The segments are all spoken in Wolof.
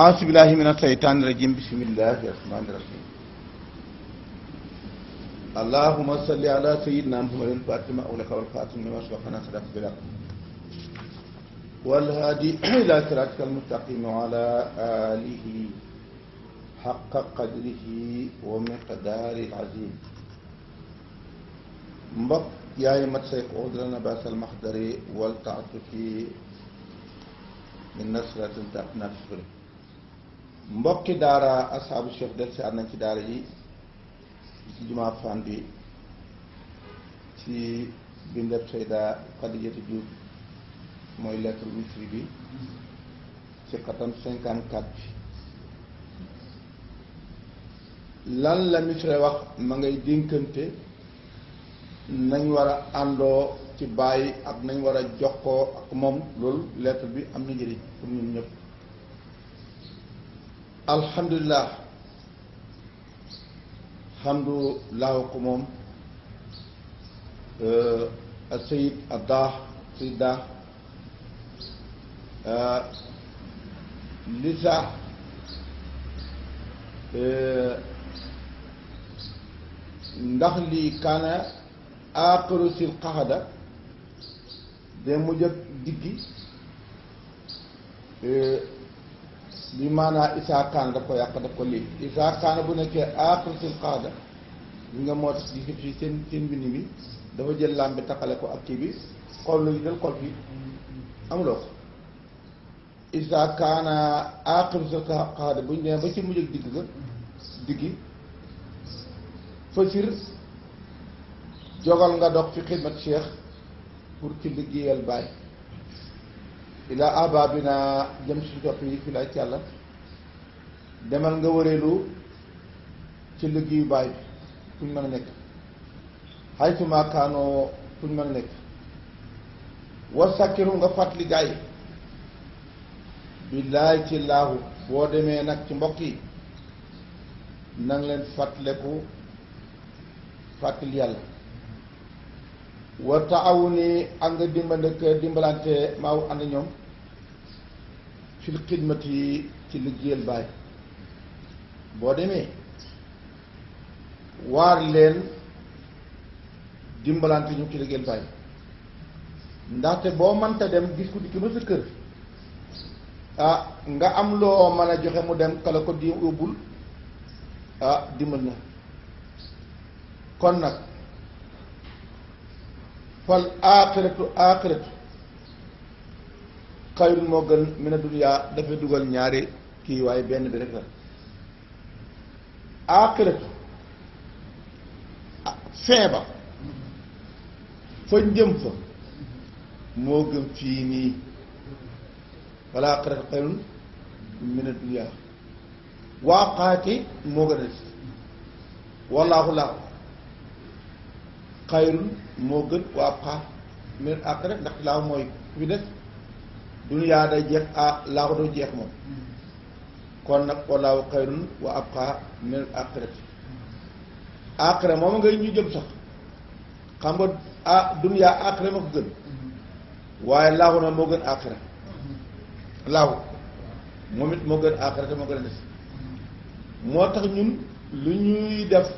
أعوذ بالله من الشيطان الرجيم بسم الله الرحمن الرحيم اللهم صل على سيدنا محمد الفاتح أولك والخاتم لما سبقنا خلف بلاك والهادي إلى صراطك المستقيم وعلى آله حق قدره ومقدار العظيم مبق يا يمت سيك أودرنا باس المحضر والتعطف من نصرة تأتنا في mbokki daara asaabu Cheikh del si nañ ci daara ji ci jumaa bi ci bindeb Seyda Xadijatu Diouf mooy lettre misri bi ci xatam cinquante quatre bi lan la misri wax ma ngay dénkante nañ war a àndoo ci bàyyi ak nañ war a jox koo ak moom loolu lettre bi am na njëriñ pour ñëpp alhamdulilah xamdu laaw ko moom a sayid a daax sayid daax li sax ndax lii kaana aaxiru sil qaxada de mujj ak diggi euh, bi maanaa isaa kaan daf ko yàq daf ko lii isaa bu nekkee aaxiratil qaada bi nga moo gis nga fii seen seen mbind dafa jël laam bi taxale ko ak kii bi xol lu jël xol fii amuloo ko isaa kaana aaxiratil qaada bu ñu demee ba ci mujj ak digg diggi fasir jogal nga dox fi xidmat cheikh pour ci liggéeyal bàyyi ilaa ababina jëm suñu topp yi fi laaj ci demal nga wëreelu ci liggéeyu baay bi fu ñu mën a nekk xaytu maa ñu mën a nekk wa sakkiru nga fàttali gaay billaay ci laahu boo demee nag ci mbokk yi nang leen fàttaleku fàttali yàlla wa taawuni ak nga dimbalante dimbalante ànd ñoom fil xidmat yi ci liggéeyal baay boo demee waar leen dimbalante ñu ci liggéeyal baay ndaxte boo mënta dem gis ku dikki ba sa kër ah nga am loo mën a joxe mu dem kala ko di yóbbul ah dimbal na kon nag fal aaxiratu aaxiratu xayrun moo gën mina dunya dafay dugal ñaari kii waaye benn bi rek la aaxiratu ah, fin ba fañ jëm fa moo gën fii nii wala aaxiratu xayrun mina dunya waaqaati moo gën a des wallaahu laahu xayrun moo gën waaqaa mina aaxira ndax laahu mooy fi des duniyaa day jeex ah laaxu jeex moom kon nag wallaahu xayrun wa abqaa minal aaxirati aaxira moom ngay ñu jëm sax xam nga ah duniyaa moo gën aaxira moom it moo gën aaxira te moo gën a des moo tax ñun lu ñuy def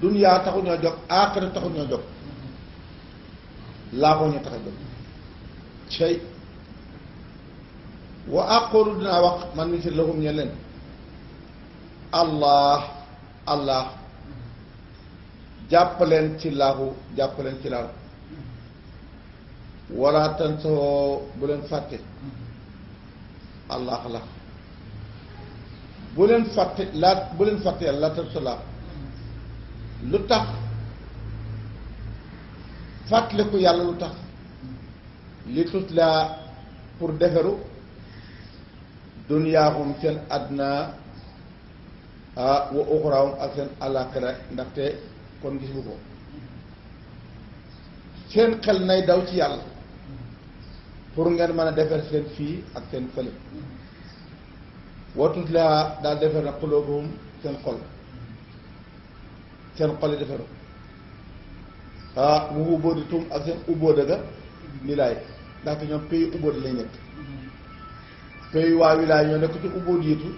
duniyaa taxu ñoo jóg aaxira taxu ñoo jóg laaxoo ñu tax a cey wa aqulu dinaa wax man mi ci lahum ñe leen allah allah jàppaleen ci laahu jàppaleen ci laahu wala tansoo bu leen fàtte allah la bu leen fàtte laa bu leen fàtte yàlla laa tansoo laahu lu tax fàttaliku yàlla lu tax li tutlaa pour defaru duniyaaxum seen àddina wa uxuraawum ak seen àllaaxira ndaxte kon gis bu ko seen xel nay daw ci yàlla pour ngeen mën a defar seen fii ak seen fële wa tutlaa daal defar na xuloobuhum seen xol seen xol yi defaru ah mu ubboodi tum ak seen ubboode ga wilaay ndaxte ñoom pays ubóot lay nekk pays waa wilaay ñoo nekk ci ubóot yitu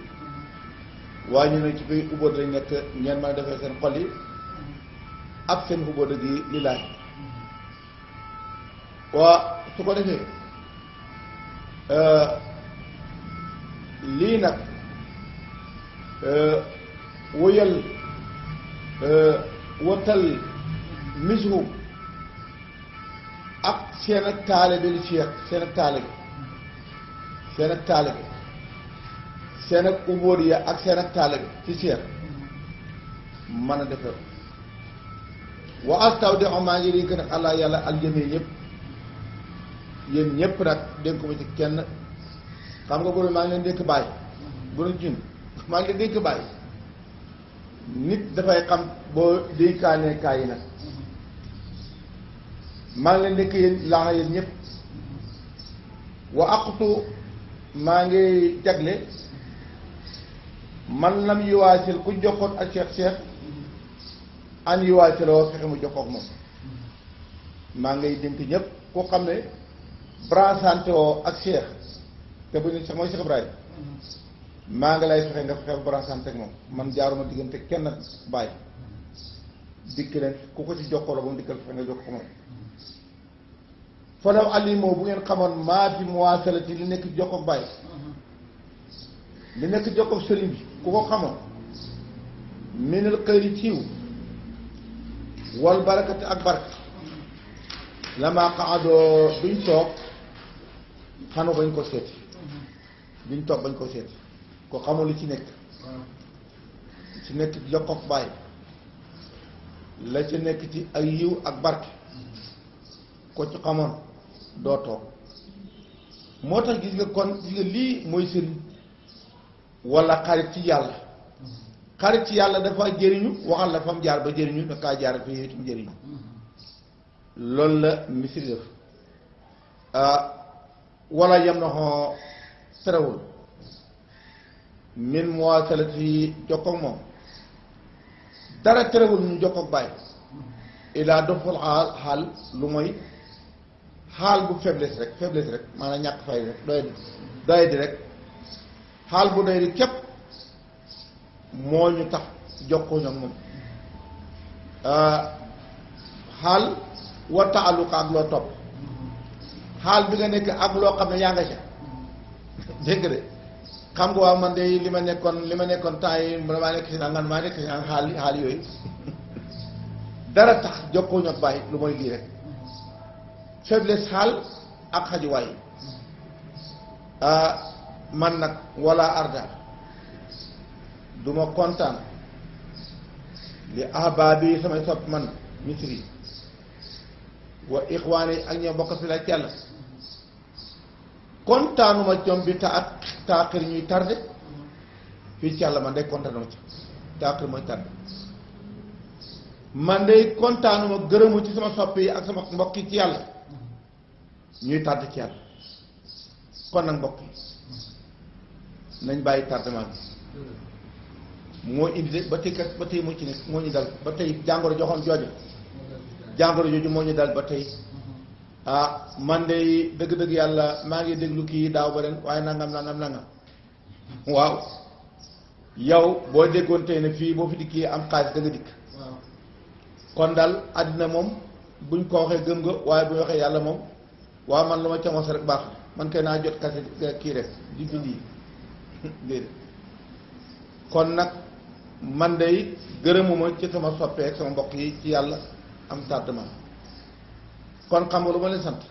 waaye ñu ne ci pays ubóot lañ nekk ngeen mën a defee seen xol yi ak seen ubóot gi lilaay waa su ko defee lii nag wëyal wëtal misu ak seen ak taalibe li ci yàq seen ak taalibe seen ak taalibe seen ak seen ak taalibe ci yàq mën a defee wa astawdi maa ngi di gën a allah yàlla aljamii ñëpp yéen ñëpp nag dénk ko ci kenn xam nga borom maa ngi leen dénk bàyyi borom jin maa ngi leen dénk bàyyi nit dafay xam boo dénkaanee yi nag maa ngi leen nekk yéen ngi jagle man lam yuwaasil ku jokkoon ak Cheikh Cheikh an mu jokkook moom maa dénk ñëpp ku xam ne bransante woo ak Cheikh te bu ñu ngi lay fexe nga fexe bransante ak moom man jaaruma diggante kenn bàyyi dikk leen ku ko ci jokkoo la ba mu dikkal fexe nga jokkook moom falaw alimoo bu ngeen xamoon maa bi muwaasalati li nekk jokkoog bàyyi li nekk jokkoog sëriñ bi ku ko xamoon minal xëyri tiiw wal barakati ak barke lama qaadoo duñ toog xanu bañ ko seeti duñ toog bañ ko seeti ko xamul li ci nekk ci nekk jokkoog bàyyi la ci nekk ci ak yiw ak barke ko ci xamoon doo toog moo tax gis nga kon gis nga lii mooy sëriñ wala xarit ci yàlla xarit ci yàlla dafa jëriñu waxal la fam jaar ba jëriñu da kaa jaar fi yow itam jëriñu loolu la misiri def ah, wala yam na xoo terewul min muwaasalati moom dara terewul ñu jokkoog bàyyi ilaa doful xaal xaal lu mooy xaal bu faiblesse rek faiblesse rek maanaam ñàkk fay rek doy doy rek xaal bu doy di képp moo ñu tax jokkoo ñoom moom euh, xaal wa taaluka ak loo topp xaal bi nga nekk ak loo xam ne yaa nga ca dégg de xam nga waaw man de li ma nekkoon li ma nekkoon temps yi maa nekk si naan maa nekk si naan xaal xaal yooyu dara tax jokkoo ñoom bàyyi lu mooy lii rek faiblesse xaal ak xajuwaay ah, man nag wala arda duma kontaan li ahbaabi samay sopp man misri wa ixwaane yi ak ñoo bokk fi laaj yàlla kontaanuma jom ak taaxir ñuy tardé fii ci yàlla man day kontaanuma ci taaxir mooy tardé man day kontaanuma gërëmu ci sama sopp yi ak sama mbokk yi ci yàlla ñuy tàdd ci yàlla kon nag mbokk yi nañ bàyyi tardement bi moo indi ba tey kat ba tey mu ci moo ñu dal ba tey jàngoro joxoon jooju jàngoro jooju moo ñu dal ba tey ah man de dëgg-dëgg yàlla maa ngi déglu kii daaw ba ren waaye nangam nangam nangam waaw yow boo déggoon tey ne fii boo fi dikkee am xaalis da nga dikk kon daal àddina moom buñ ko waxee gëm nga waaye bu waxee yàlla moom waaw man lu ma camos rek baax man kay naa jot kase kii rek di bindi kon nag man day gërëmuma ci sama soppeek sama mbokk yi ci yàlla am tardement kon xam nga lu ma leen sant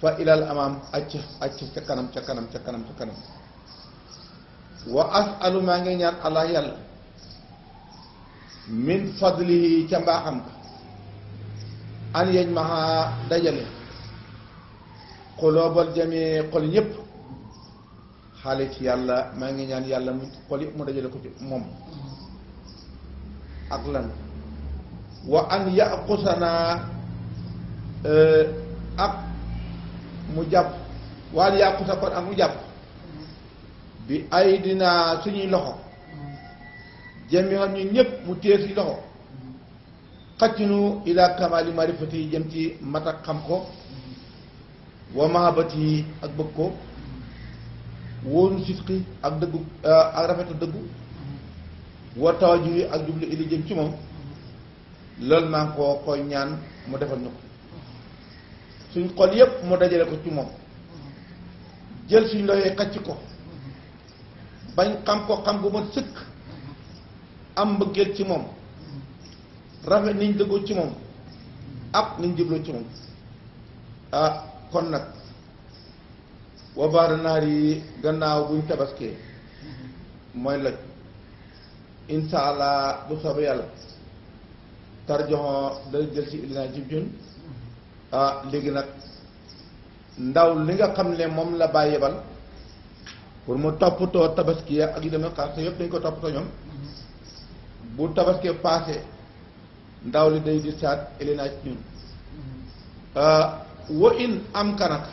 fa ilal amaam acc acc ca kanam ca kanam ca kanam ca kanam wa asalu maa ngi ñaan allah yàlla min fadlihi ca mbaaxam ka an yeñ ma dajale xoloobal jamee xol yépp xaalis yàlla maa ngi ñaan yàlla mu xol yépp mu dajale ko ci moom ak lan wa an yaqusanaa euh, ak mu jàpp wa an yaqusa kon ak mu jàpp bi ay dinaa suñuy loxo jamee xam ñu ñépp mu téye si loxo xaccinu ilaa kamaali marifati jëm ci mat ak xam ko wa mahabati yi ak bëgg ko wóonu sidqi ak dëggu euh, ak rafetu dëggu wa tawaju yi ak jublu ili jëm ci moom loolu naa ko koy ñaan mu defal ñu ko suñ xol yépp mu dajale ko ci moom jël suñ loxo xacc ko bañ xam ko xam bu ma sëkk am mbëggeel ci moom rafet niñ dëggoo ci moom ak niñ jubloo ci moom ah, kon nag wabaara naar yi gannaaw buñ tabaskee mooy la insha allah bu soobee yàlla tarjoxon day jël ci illina ci jun mm-hmm. ah, léegi nag ndaw li nga xam ne moom la bàyyi yebal pour mu toppatoo tabaski ak yi demee xaalis yëpp dañ ko toppatoo ñoom mm-hmm. bu tabaski passé ndaw li day di saat illina ci wa in am kanaka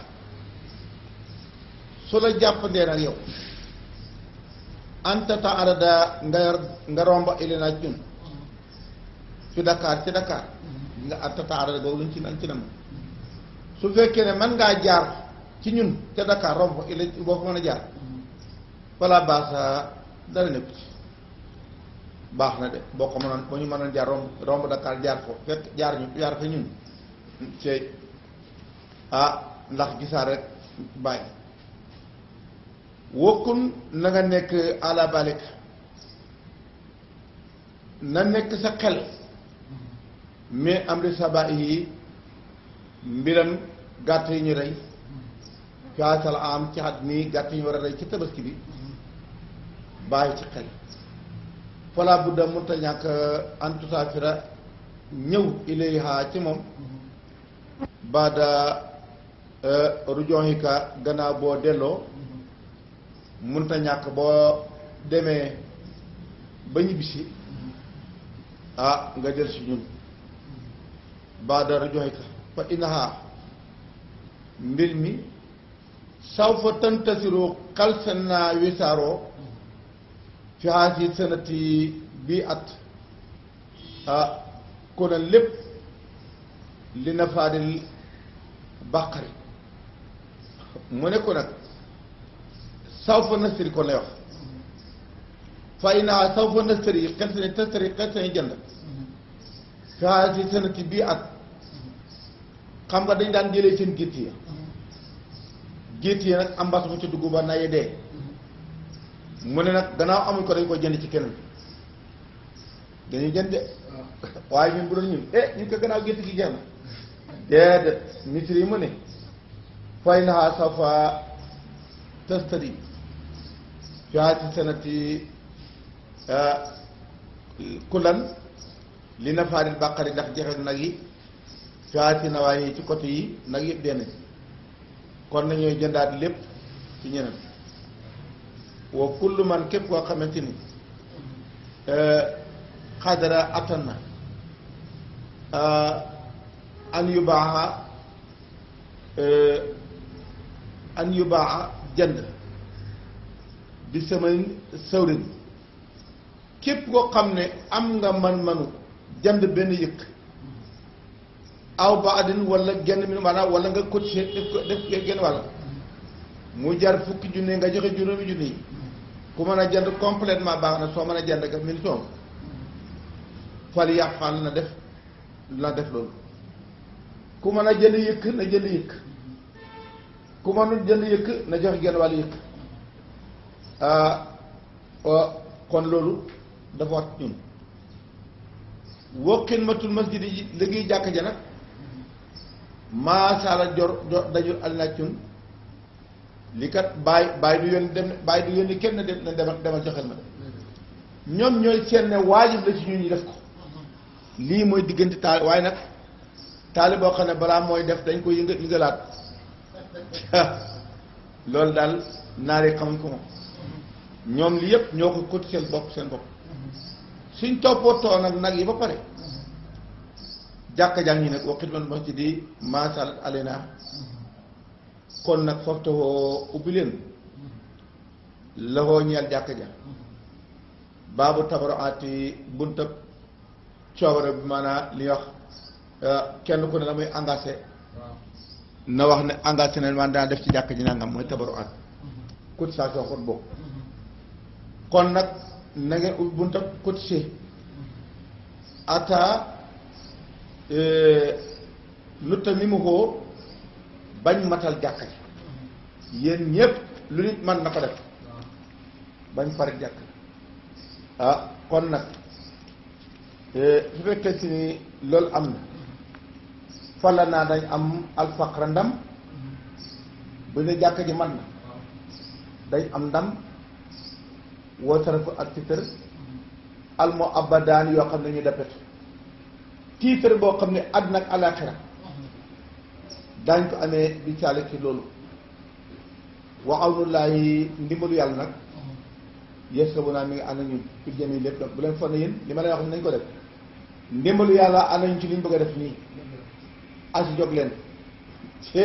su la jàppandee nag yow anta ta nga nga romba ñun ci Dakar ci Dakar nga anta ta arada googu ci nan ci nam su fekkee ne man ngaa jaar ci ñun ca Dakar romb ila boo fa mën a jaar walla dara nekku ci baax na de boo ko mënoon ba ñu mënoon jaar romb romb Dakar jaar ko fekk jaar ñu jaar fa ñun ah ndax gisaar rek bàyyi wokkun na nga nekk ala na nekk sa xel mais am di saba yi mbiram gàtt yi ñu rey fiasal am ci at mii gàtt yi ñu war a rey ci tabaski bi bàyyi ci xel fala budda mënta ñàkk en tout cas fira ci moom baada Euh, rujoxika gannaaw boo delloo mënta ñàkk boo demee ba ñibbisi ah nga del si ñun baada rujoxika fa inaha mbir mi saw fa tantasiroo xalsen naa wisaaroo fi haasi sanati bii at ah konoon lépp li nafaadil bàqari mu ne ko nag sawfa nastari kon lay wax fa inaa sawfa nastari xel seen tastari xel seen jënd kaa si sanati bii at xam nga dañ daan jëlee seen gétt yi gétt yi nag ambas bu ci dugg ba naye dee mu ne nag gannaaw amuñ ko dañ koy jënd ci keneen dañuy jënd de ah. waaye ñun bu doon eh, ñun ko gannaaw gétt gi jeex na déedéet misir mu ne فإن سوف تستدي في هذه السنة كلا لنفار البقر ndax jeexal nag yi fi hati nawaay yi ci côté yi nag yëpp dee kon nañooy jëndaat lépp ci ñeneen wa kullu man képp koo xamante ni uh, xadara attan na uh, an yu baaxa uh, an yubaa jënd bi samanin sawrin képp koo xam ne am nga man-manu jënd benn yëkk aw ba adin wala genn min maanaam wala nga cotisé def ko def genn wàll mu jar fukki junne nga joxe juróomi junne yi ku mën a jënd complètement baax na soo mën a jënd nga min soom fal yàqaan na def na def loolu ku mën a jënd yëkk na jënd yëkk ku mënul jënd yëkk na joxe genn wàllu yëkk ah, kon loolu dafa wat ñun wokkin matul masjid yi liggéey jàkk ja nag maasaala jor jor dañu alinaaj ñun li kat baay baay du yónni dem bàyyi du yónni kenn dem na demal demal joxel ma ñoom ñooy seen ne waajib la ci ñun ñu def ko lii mooy diggante taal waaye nag taali boo xam ne balaa mooy def dañ ko yënga yëngalaat loolu daal naari xamuñ ko moom ñoom li yëpp ñoo ko cotisé seen bopp seen bopp suñ toppatoo nag nag yi ba pare jàkka jàng ñi nag waxit man ma ci di maasal alena kon nag foofu tawoo ubbi leen loxoo ñeel jàkka ja baabu tabaro aati buntab coobare bi maanaam li wax euh, kenn ku ne la muy engagé na wax ne engagé nañ man daan def ci jàkk ji nangam mooy tabaru at cote saa kon nag na ngeen ut bunta eh, lu tamit mu ko bañ matal jàkk ji yéen ñëpp lu nit man ko bañ pare jàkk ah kon nag eh, su fekkee si ni loolu am na fala naa dañ am alfaqra ndam bu dee jàkka ji man na dañ am ndam wootaraku ak titre almu abadaan yoo xam ne ñu dappetu titre boo xam ne àddina ak alaaxira daañ ko amee di caale ci loolu wa awnullaahi ndimbalu yàlla nag yës bu naa mi ngi ànd na ñun fi jëmi lépp nag bu leen foog ne yéen li ma lay wax nañ ko def ndimbalu yàlla ànd nañ ci liñ bëgg a def nii as jog leen te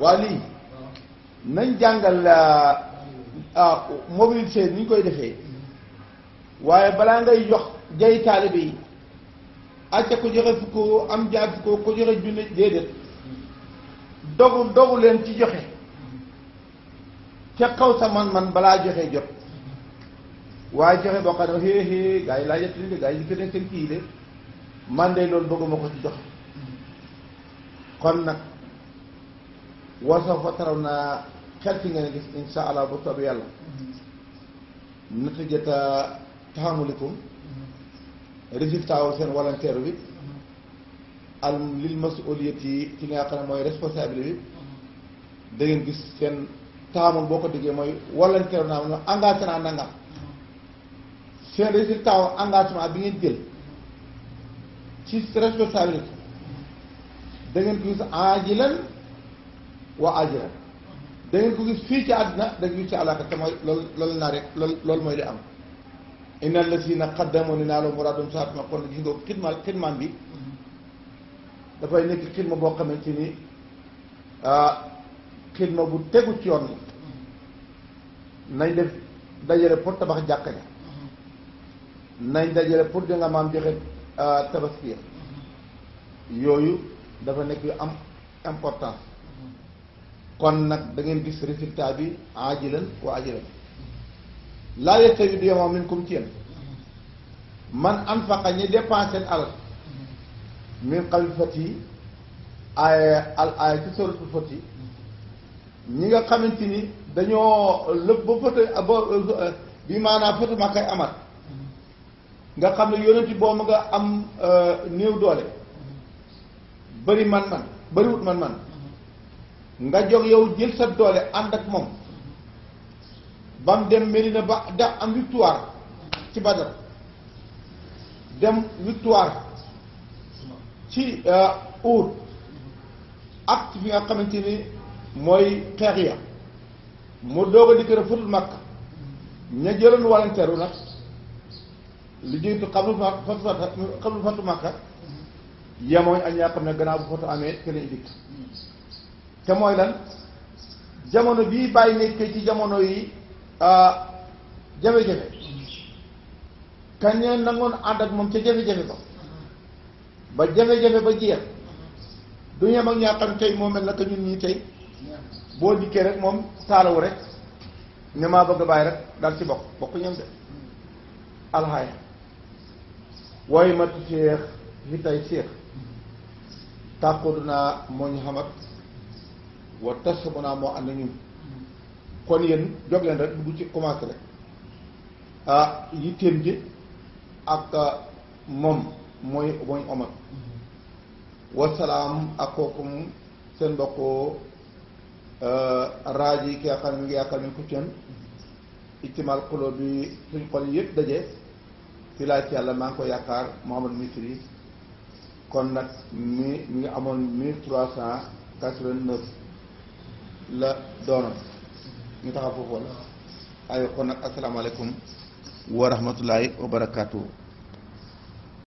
waa lii nañ jàngal ah, ah, mobilité ni niñ koy defee waaye balaa ngay jox jay taalibe yi acca ko joxe fukkoo am jaar fukkoo ko joxe junne déedéet dogu dogu leen ci joxe ca kaw sa man-man balaa joxe jot waaye joxe boo xam ne xéexée gaa yi laa yett li de gaa yi li ko seen kii de man de loolu bëgguma ko ci joxe kon nag wa sawfa tarawna xel ci ngeen gis insha allah bu soobee yàlla natijata taamulikum résultat wu seen volontaire bi al lil masuliyati ci nga xam ne mooy responsabilité bi da gis seen taamul boo ko déggee mooy volontaire naa moom engagé naa nangam seen résultat engagement bi ngeen jël ci responsabilité da ngeen ko gis aajilan wa aajilan da ngeen ko gis fii ci àddina da ci àllaaxira te mooy loolu mooy li am inna allazina qaddamu li naa la muraadum saatuma kon gis nga xidma xidmaan bi dafay nekk xidma boo xamante ni xidma bu tegu ci yoon la nañ def dajale pour tabax jàkka nañ dajale pour di nga maam joxe tabaski yooyu dafa nekk yu am important kon nag da ngeen gis résultat bi ajilan wa ajilan laa yastawi du yemoo minkum ci yéen man anfaqa ñi dépensé seen alal min qabli yi aaya al aaya ci suratul fati ñi nga xamante ni dañoo lépp ba fëta ba bi maanaam fëtu ma kay amat nga xam ne yonenti boobu nga am euh, néew doole bari man man bariwut man man nga jóg yow jël sa doole ak bam dem Medina ba da am victoire ci Badar dem victoire ci ur ak ci bi nga xamante ni mooy xeex ya mu doog a dikkër a futul Makka ña jëloon walanteeru li fatu Makka yemoñ ak ñaa xam ne gannaaw bu foto amee te lañ dikk mooy lan jamono bii bàyyi nekkee ci jamono yi jafe-jafe kañ ne nangoon ànd ak moom ca jafe-jafe ba ba jafe-jafe ba jeex du ñem ak ñaa xam tey moo mel naka ñun ñii tey boo dikkee rek moom saalawu rek ne maa bëgg a bàyyi rek daal ci bokk bokk de alxaaya waaye ma seex fi tay tàkkoodunaa moo ñu xamat wa tasabunaa moo ànd ñun kon yéen jóg leen rek dugg ci commencé rek ah yitteem ji ak moom mooy mooy omat wasalaam ak kookum seen mbokk raaj yi ki yaakaar mi ngi yaakaar mi ngi ko ceen ictimal xuloo bi suñ xol yëpp daje ci laaj ci yàlla maa ngi ko yaakaar Mouhamadou Misri kon nag mi mi ngi amoon mille trois cent quatre vingt la doonoon ñu taxaw foofu wala aywa kon nag asalaamaaleykum wa rahmatullahi wa barakaatu.